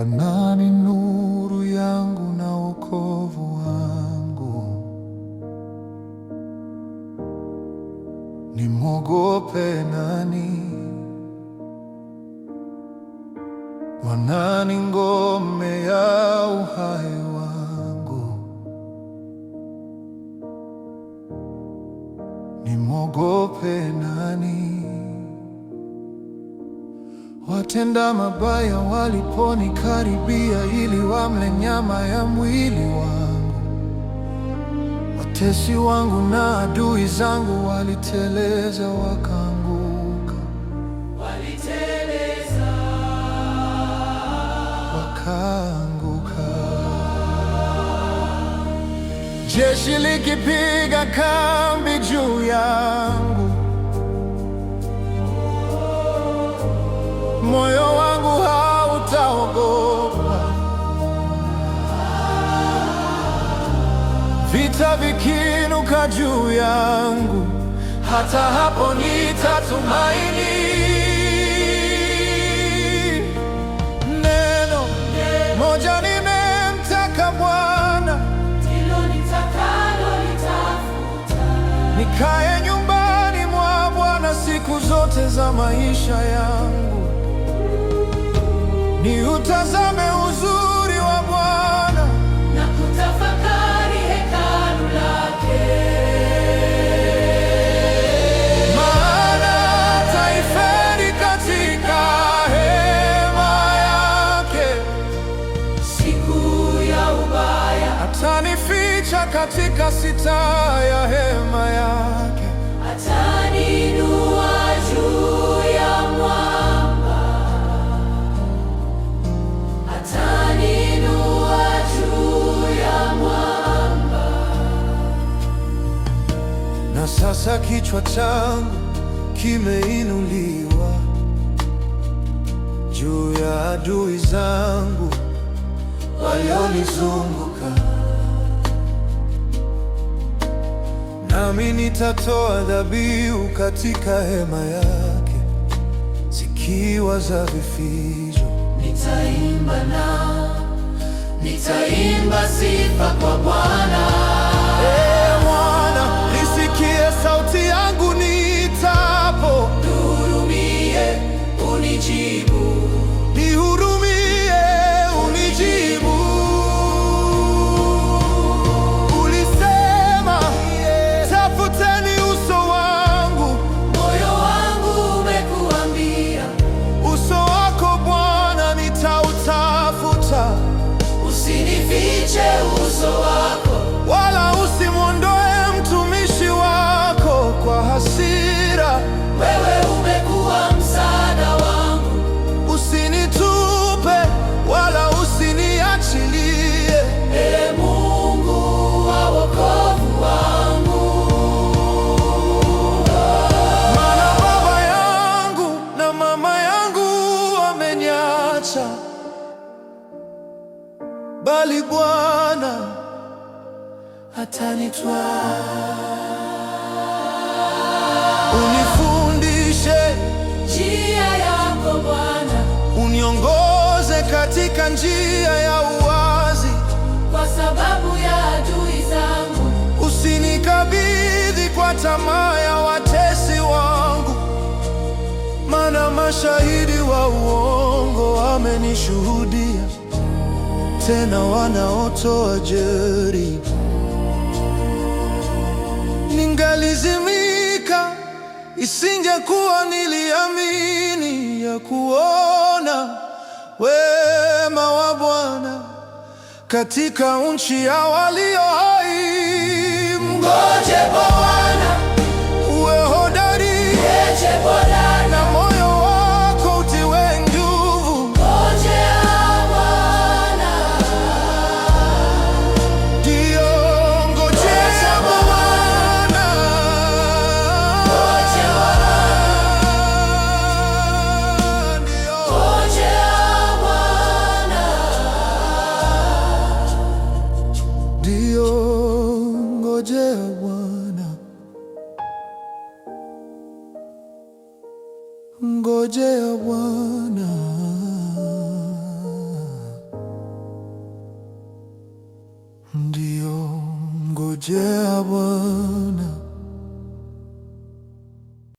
Bwana ni nuru yangu na wokovu wangu, nimwogope nani? Bwana ni ngome ya uhai wangu, nimwogope nani? Watenda mabaya waliponikaribia ili wamle nyama ya mwili wangu, watesi wangu na adui zangu waliteleza wakaanguka, waliteleza wakaanguka. Jeshi likipiga kambi juu yangu vita vikinuka juu yangu, hata hapo nitatumaini. Neno moja nimemtaka Bwana, ndilo nitakalo litafuta, nikae nyumbani mwa Bwana siku zote za maisha yangu, niutazame katika sita ya hema yake, ataninua juu ya mwamba, ataninua juu ya mwamba. Na sasa kichwa changu kimeinuliwa juu ya adui zangu walionizunguka nami nitatoa dhabihu katika hema yake zikiwa za vifijo. Nitaimba na nitaimba sifa kwa Bwana. Ee Bwana, nisikie sauti yangu nitapo, nihurumie, unijibu bali Bwana atanitwa. Unifundishe njia yako Bwana, uniongoze katika njia ya uwazi, kwa sababu ya adui zangu. Usinikabidhi kwa tamaa ya watesi wangu, maana mashahidi wa uongo wamenishuhudia tena wanaotoa jeri, Ningalizimika, isingekuwa niliamini ya kuona wema wa Bwana katika nchi ya walio hai. Mngoje Bwana. uliyongojea Bwana, ngojea Bwana, ndiyo ngojea Bwana.